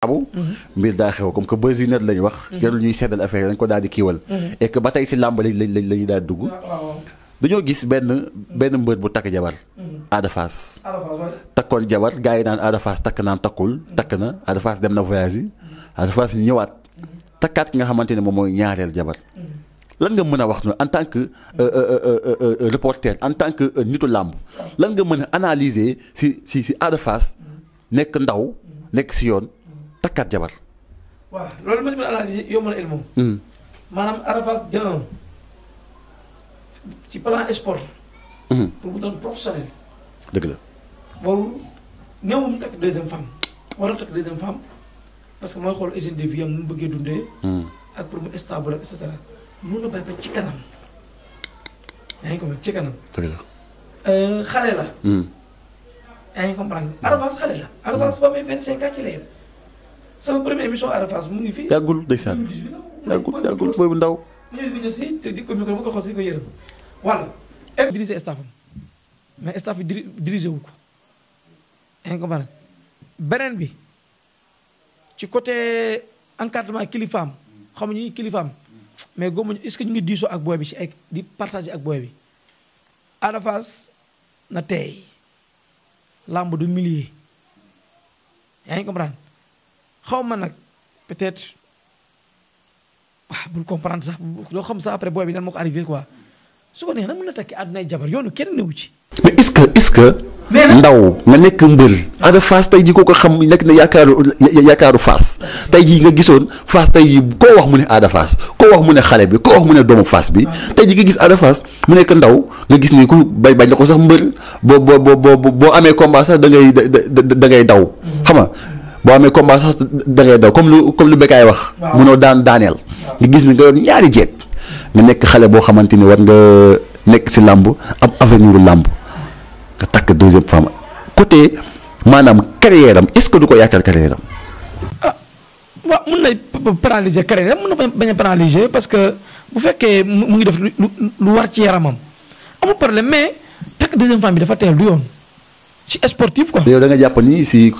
abu mbir daa xew comme que buzz yu net lañ wax jarul ñuy seddal affaire dañ ko daal di kiiwal mhm. et ba tey si làmb lañ lañ la ñuy daal dugg ah, dañoo gis benn benn mbër bu takk jabar mhm. Ada Fass takkoon jabar gars yi naan Ada takk naan takkul takk na mhm. Ada Fass dem na voyage yi Ada Fass ñëwaat takkaat ki nga xamante ne moom mooy ñaareel jabar lan nga mën a wax noonu en tant que euh, euh, euh, reporter en tant que nitu làmb lan nga mën a analyser si si si Ada nekk ndaw nekk si yoon takkaat jabar. waaw loolu ma ñu mën a analyser yomb na ilmu. Hmm. maanaam Arafat ci plan sport. Hmm. pour mu doon professionnel. dëgg la. warul néew mu takk deuxième femme war takk deuxième femme parce que mooy xool hygiène de vie mu bëggee dundee. Hmm. ak pour mu stable et mun na bàyyi ba ci kanam. yaa ngi comprendre ci kanam. dëgg la. Euh, yaa ngi comprendre Arafat xale la. Arafat ba may vingt cinq ans ci la yem. sama première émission Ada mu ngi fi. yàggul ndeysaan yàggul yàggul booy bu ndaw. ma ñëw di mais staff bi diri dirigé wu ko. beneen bi ci côté encadrement kilifaam xamuñu ni kilifaam mais góobuñu est-ce ñu ngi diisoo ak booy bi ci ay di partager ak booy bi. Ada Fass na tey lamb du millier yaa ngi xaw ma nag peut-être waaw ah, bul comprendre sax loo xam sax après booy bi nan moo ko arrivé quoi su ko neexee nag mën na takki àdduna ay jabar yoonu kenn newu ci. mais est-ce que est-ce que. ndaw nga nekk mbër. Ada fas tey jii ko ko xam nekk na yaakaaru yaakaaru fas tey jii nga gisoon Fass tey jii koo wax mu ne Ada Fass koo wax mu ne xale bi koo wax mu ne doomu fas bi ah. tey ji nga gis Ada Fass mu nekk ndaw nga gis ni ku bay bañ la ko sax mbër boo boo boo boo amee combat sax da ngay da da da ngay daw. Mm. xam boo amee combat sax da daw comme lu comme lu Bécaye wax. munoo daan daaneel. nga gis ni nga yoon ñaari jeeg. nga nekk xale boo xamante ni war nga nekk si làmb ab avenir u làmb nga takk deuxième femme côté maanaam carrière am est-ce que du ko yàqal carrière am. ah waaw mun na paralyser am mun na bañ a paralyser parce que bu fekkee mu ngi def lu lu lu war ci yaramam amul problème mais takk deuxième femme bi dafa teel du yoon. ci sportif quoi. yow da nga jàpp ni si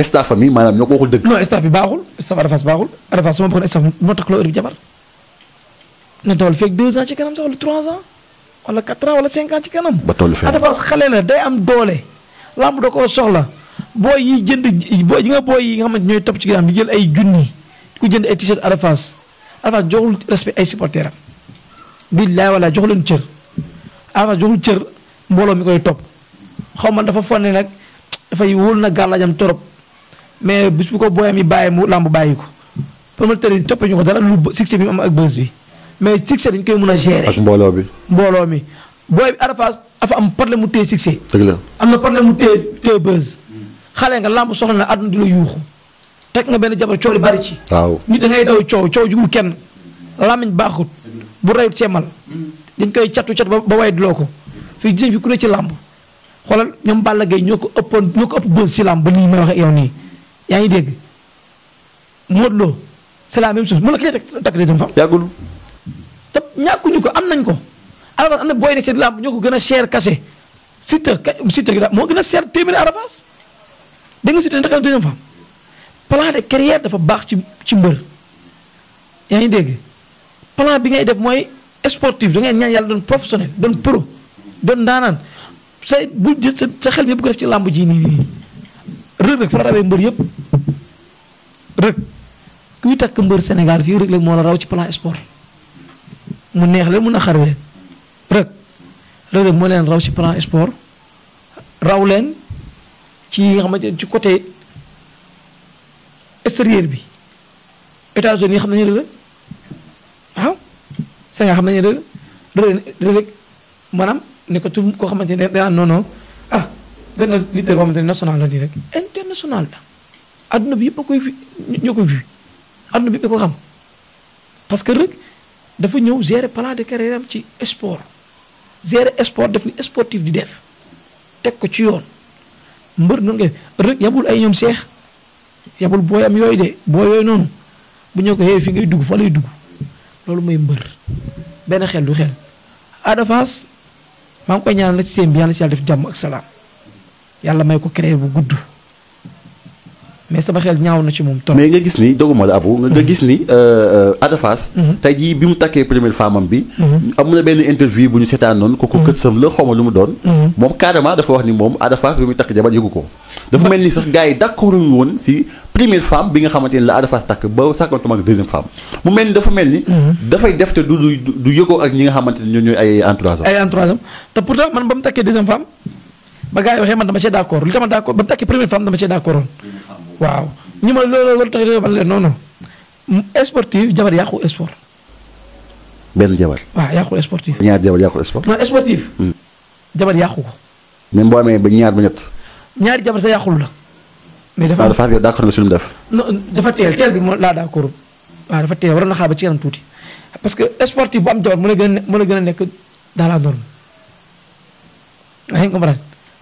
staff mi maanaam ñoo ko waxul dëgg. non staff bi baaxul staff baaxul Arafas su ma bëggoon moo tax loo heure jabar na dawal feeg 2 ans ci kanam sax wala 3 ans wala 4 ans wala 5 ans ci kanam. ba tollu fee Arafas xale la day am doole. lamb da koo soxla booy yi jënd booy yi nga booy yi nga xamante ñooy topp ci ginnaaw di jël ay junni ku jënd ay t-shirt Arafas Arafas joxul respect ay supporters am. billaay walaay jox leen cër Arafas joxul cër mbooloo mi koy topp. xaw ma dafa fonne nag dafay wóol na gàllaajam torop mais bis bu ko booyam yi bàyyi mu làmb bàyyi ko promoteur yi toppee ñu ko dara lu succès bi mu am ak bës bi mais succès dañ koy mën a gérer. ak mbooloo bi mbooloo mi. booy bi Arafaas dafa am problème mu téye succès. dëgg la am na problème mu téye téye xale nga làmb soxla na àdduna di la yuuxu. teg nga benn jabar coow yi bari ci. waaw nit da ngay daw coow coow jugul kenn. làmmiñ baaxut. bu rayut cemal. Mm. dañ koy catu cat ba ba way duloo ko. fii gis fi ci làmb. xoolal ñoom Gaye ñoo ko ëppoon ñoo ko ba nii may wax yow nii yaa ngi dégg Modou Lo c'est la même chose mu te ñàkkuñu ko am nañ ko na booy nekk ci lamb ñoo ko gën a cher cachet Siteu Siteu gi daal moo gën a cher téeméeri Arafas dégg nga Siteu takk deuxième femme plan de carrière dafa baax ci ci mbër yaa ngi dégg plan bi ngay def mooy sportif da ngay ñaan yàlla doon professionnel doon pro doon daanaan. say bu sa xel bi yëpp ko def ci làmb ji nii nii rëg rëg fa rawee mbër yëpp rëg kuy takk mbër Sénégal fii rëg la moo la raw ci plan sport mu neex la mun a xar leen rëg rëg moo leen raw ci plan sport raw ci yi nga xamante ci côté extérieur bi États-Unis yi ah? xam nañu rëg rëg rëg rëg maanaam ne ko tout koo xamante ne daan non non ah benn leader rek international la adduna bi yëpp fi ñoo ko vu adduna bi yëpp ko parce que rek dafa ñëw gérer plan de carrière ci sport gérer sport def ni sportif di def ko ci yoon mbër noonu ngay rek yabul ay ñoom seex yabul booy am yooyu de booy yooyu noonu bu ñëw ko xëy fi ngay dugg fa lay dugg loolu mooy mbër benn xel du xel Ada maa ngi koy ñaanal nag seen bi yàlla si yàlla ak salaam yàlla may ko créer bu gudd mais sama xel ñaaw na ci moom trop. mais nga euh, euh, mhm. mu takkee première femme ba sàkkantuma ak deuxième femme mu mel ni dafa mel ni mhm. ba mu takkee deuxième femme ba gars waxee man dama cee d'accord li tax ma d'accord ba mu takkee première femme dama cee d'accord waaw ñu ma loolu war tax yóbbal leen non non sportif jabar yàqu sport. benn jabar. waaw yàqu sportif. ñaar jabar yàqu hmm. jabar yàqu ko. même boo amee ba ñaar ba ñett. ñaari jabar sa yàqul la. mais dafa ah, dafa yow d'accord nga suñu def. dafa teel teel bi moo laa d'accord waaw dafa teel waroon na xaar ci kanam tuuti parce que sportif bu am jabar mu la gën a mu la gën a nekk dans la norme. yaa ngi comprendre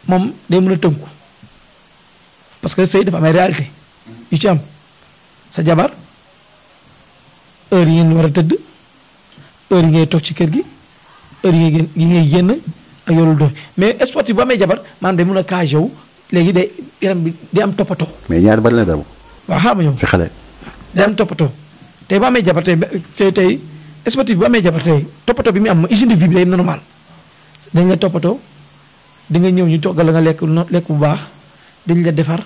moom day mën a tënku. parce que sëy dafa am ay réalité yu ci am sa jabar heure yi ngeen tëdd heure ngay toog ci kër gi heure yi ngay yi ngay génn ak yorul doon mais sportif bu amee jabar maanaam de mun a cage wu léegi day yaram bi day am toppatoo. mais ñaar bari na dara. waaw xaaral ma ñëw si xale. day am toppatoo tey bu amee jabar tey tey tey sportif bu amee jabar tey toppatoo bi muy am hygiène de vie bi day normal dañ nga toppatoo di nga ñëw ñu toggal la nga lekk lekk bu baax. dañu la defar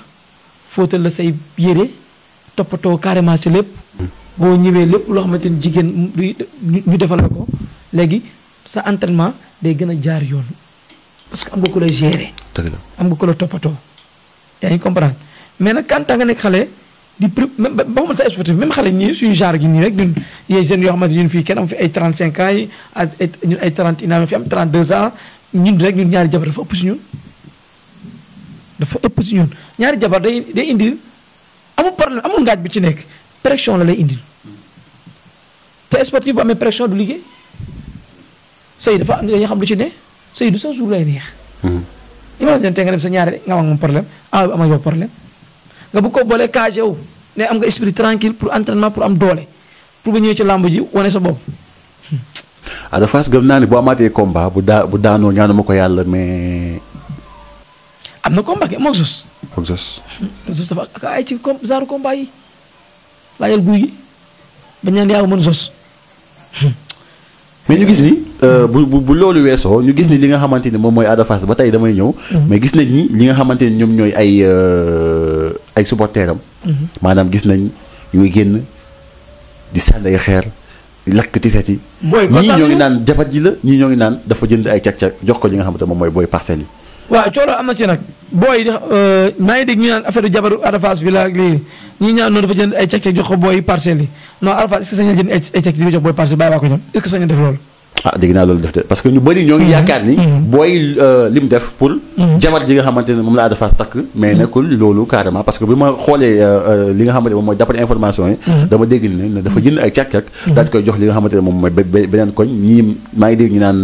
fóotal la say yére toppatoo carrément lépp boo ñëwee lépp loo xamante ni jigéen ñu defal la ko léegi sa entraînement day gën a jaar yoon parce que am nga ku la gérer am nga ku la toppatoo yaa ngi comprendre mais nag quand nga nekk xale di pré même ba xamante sa sportif même xale ñii suñu genre gi nii rek ñun yee jeunes yoo xamante ñun fii kenn am fi ay 35 ans yi ñun ay 31 ans fi am 32 ans ñun rek ñun ñaari jabar dafa ëpp si ñun dafa ëpp si ñun ñaari jabar day day indil amul problème amul ngaaj bi ci nekk pression la lay indil te sportif bu amee pression du liggéey sëy dafa am dañuy xam lu ci ne sëy sa jour lay neex. Hmm. imagine sa ñaari nga am moom problème ah ama yow nga bu ko boolee cage wu ne am nga esprit tranquille pour entraînement pour am doole pour ba ñëwee ci làmb ji wane sa bopp. Hmm. Ada ah, Fass gëm naa ne boo amaatee combat bu daa bu daanoo ko yàlla mais. am na combat moog Zoss. moog Zoss. Zoss dafa ak ay ci com genre combat yi laajal guy gi bañ naan yaa ko mën mais ñu gis ni euh, bu bu bu loolu weesoo ñu gis ni li nga xamante ni moom mooy Ada ba tey damay ñëw. Mhm. mais gis nañ ni li nga xamante ni ñoom ñooy ay euh, ay supporteurs am. Mhm. maanaam gis nañ ñuy génn di sànni ay xeer di lakk tiset yi. ñii ñoo ngi naan jabat ji la ñii ñoo ngi jënd ay càq-càq jox ko li nga xamante moom mooy booy parcelles yi. waaw cooloo am na ci nag booy euh, maa ngi dégg ñu naan affaire jabaru Arafaas bi la ak lii ñi ñaan noonu dafa jënd ay ceg-ceg jox ko booy parcelles yi non Arafaas est-ce jënd ay ceg di jox booy parcelle bàyyi waa ko ñoom est-ce def loolu ah dégg naa loolu def de parce que ñu bëri ñoo ngi mm-hmm. yaakaar ni. Mm-hmm. booy euh, lim def pour. Mm-hmm. jabar ji nga xamante ne moom laa dafa takk. mais nekkul loolu carrément parce que bi ma xoolee euh, euh, li nga xamante ne moom mooy d'après information yi. dama dégg ne dafa jënd ay càq-càq. daal di koy jox li nga xamante ne moom mooy beneen naan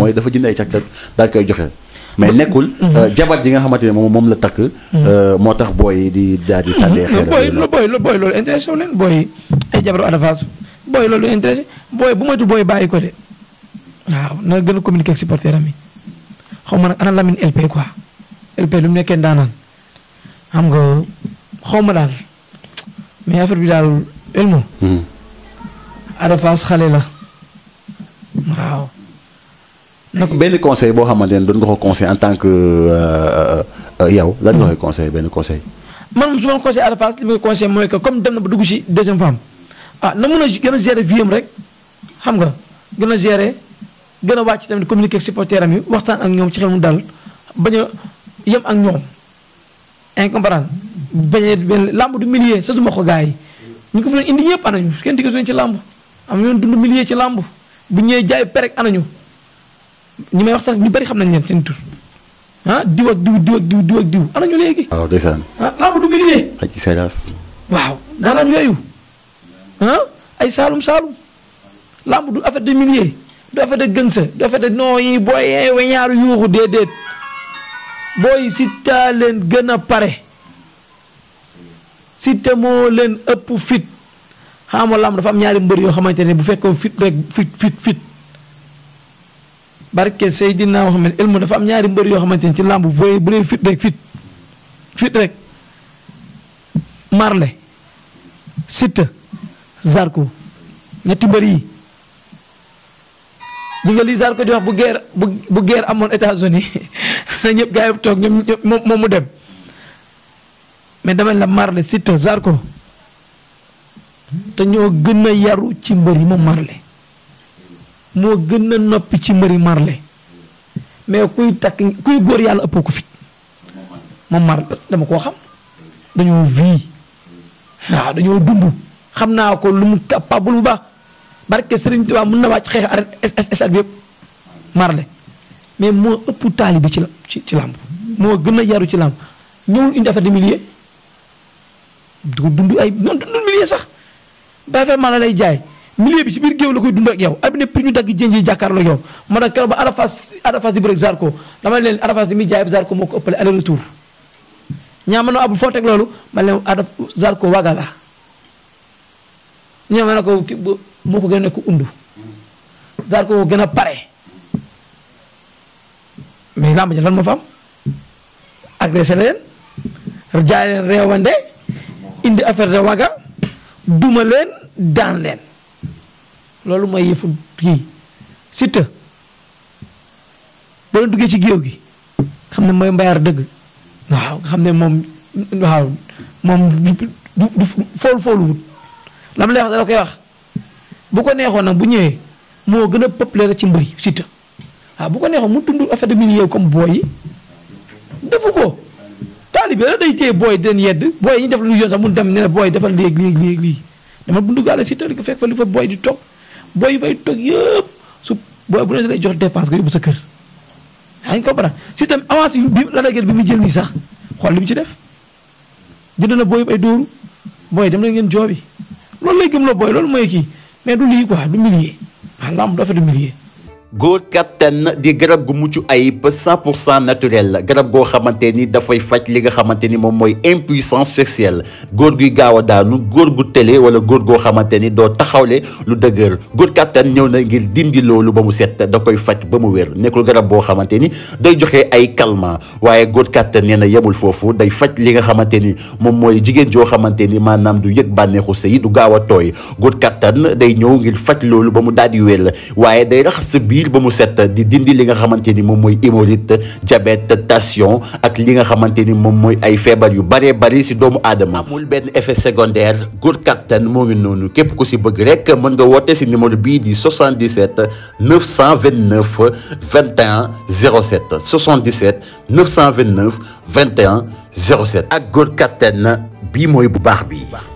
mooy dafa jënd ay càq-càq daal koy joxe. mais nekkul. Euh, jabar ji nga xamante ne moom moom la takk. Euh, moo tax booy di daal di sànnee mm-hmm. xeer. booy loolu booy loolu intéressé wu leen ay jabaru adavance booy loolu intéressé booy bu moytu booy bàyyi ko de waaw na gën a communiquer ak supporter yi xaw ma nag ana Lamine LP quoi LP lu mu nekkee daanaan xam nga xaw ma daal mais affaire bi daal Elmo. Hmm. adavance xale la waaw. donc benn conseil boo xamante ne doon nga ko conseil en tan que euh, euh, yow lan nga koy conseil benn conseil. man su ma conseil à la face li ma conseil mooy que comme dem na ba dugg ci deuxième femme ah na mën a gën a gérer vie rek xam nga gën a gérer gën a wàcc tamit communiquer ak supporter am yi waxtaan ak ñoom ci xel mu dal bañ a yem ak ñoom incomparable bañ a benn làmb du millier sa duma ko gars yi ñu ko fi doon indi ñëpp anañu kenn diggante ci làmb am ñoon dund millier ci làmb bu ñëwee jaay perek anañu ñu may wax sax ñu bari xam nañ leen seen tur ah diw ak diw diw ak diw diw ak diw ana ñu léegi. waaw ndeysaan. ah làmb waaw daanaan yooyu ah ay saalum saalum làmb du affaire de milier du affaire de gënsa du affaire de non yi booy yee weñaaru yuuxu déedéet booy si leen gën a pare si te leen ëpp fit xaama làmb dafa am ñaari mbër yoo xamante ne bu fekkoo fit rek fit fit fit. barke Seydina Muhammad ilmu dafa am ñaari mbër yoo xamante ni ci làmb voye bu dee fit rek fit fit rek marle Siteu Zarko ñetti mbër yi ji nga di wax bu guerre bu bu amoon États-Unis na ñëpp gaa yi toog ñoom moom mu dem mais dama la marle Siteu sarko te ñoo gën a yaru ci mbër yi moom marle moo gën na noppi ci Marie Marley mais kuy takk kuy góor yàlla ëppoo ko fi moom Marley parce que dama koo xam dañoo vie waaw dañoo dund xam naa ko lu mu capable bu baax barke Serigne Touba mun na wàcc xeex arrêt stade bi yëpp Marley mais moo ëpp taalibe ci la ci ci làmb moo gën a yaru ci làmb ñëwul indi affaire de millier du dund ay non dund millier sax ba affaire Marley lay jaay. mu bi ci biir géew la koy dund ak yow abi ñu dagg jën yi jàkkaarloo ak yow man nag keroog ba Arafas Arafas di bëreeg Zarko dama leen Arafas di muy jaay Zarko moo ko ëppale aller retour ñaa ma ne abul foo teg loolu ma leen Araf Zarko ko gën a nekk undu pare mais làmb ja moo fa am leen jaay leen réewande indi affaire de waga duma daan leen loolu mooy yëfu kii Siteu boo duggee ci géew gi xam ne mooy mbayaar dëgg waaw nga xam ne moom waaw moom du du fool foolu wut lam lay wax da koy wax bu ko neexoon nag bu ñëwee moo gën a populaire ci mbëri Siteu waaw bu ko neexoon mu dund affaire de milieu comme booy yi defu ko taalibe la day téye booy den yedd booy ñu def lu yoon sax mu dem ne booy defal léegi léegi léegi lii dama bu duggaale Siteu di ko fekk fa li fa booy di topp booy bay toog yëpp su booy bu ne lay jox dépense nga yóbbu sa kër yaa ngi comprendre si tam avance bi la da bi mu jël nii sax xool li mu ci def jënd na booy ay dóoru booy dem ne ngeen joobi loolu lay gëm la booy loolu mooy kii mais du lii quoi du millier waaw lamb dafa du millier góor kattan di garab gu mucc ayib cent pour cent naturel garab goo xamante ni dafay faj li nga xamante ni moom mooy impuissance sexuelle góor guy gaaw a daanu góor gu télé wala góor goo xamante ni doo taxawle lu dëgër góor kattan ñëw na ngir dindi loolu ba mu set da koy faj ba mu wér nekkul garab boo xamante ni day joxe ay calmants waaye góor kattan nee na yemul foofu day faj li nga xamante ni moom mooy jigéen joo xamante ni maanaam du yëg bànneexu sëy du gaaw a tooy góor kattan day ñëw ngir faj loolu ba mu daal di wér waaye pur ba mu set di dindi li nga xamante ni moom mooy hémorroïde diabète tension ak li nga xamante ni moom mooy ay feebar yu bëree bëri si doomu aadama amul benn effet secondaire góor kattan moo ngi noonu képp ku si bëgg rek mën nga woote si numéro bii di 77 929 21 07 77 929 21 07 ak góor kattan bii mooy bu baax bi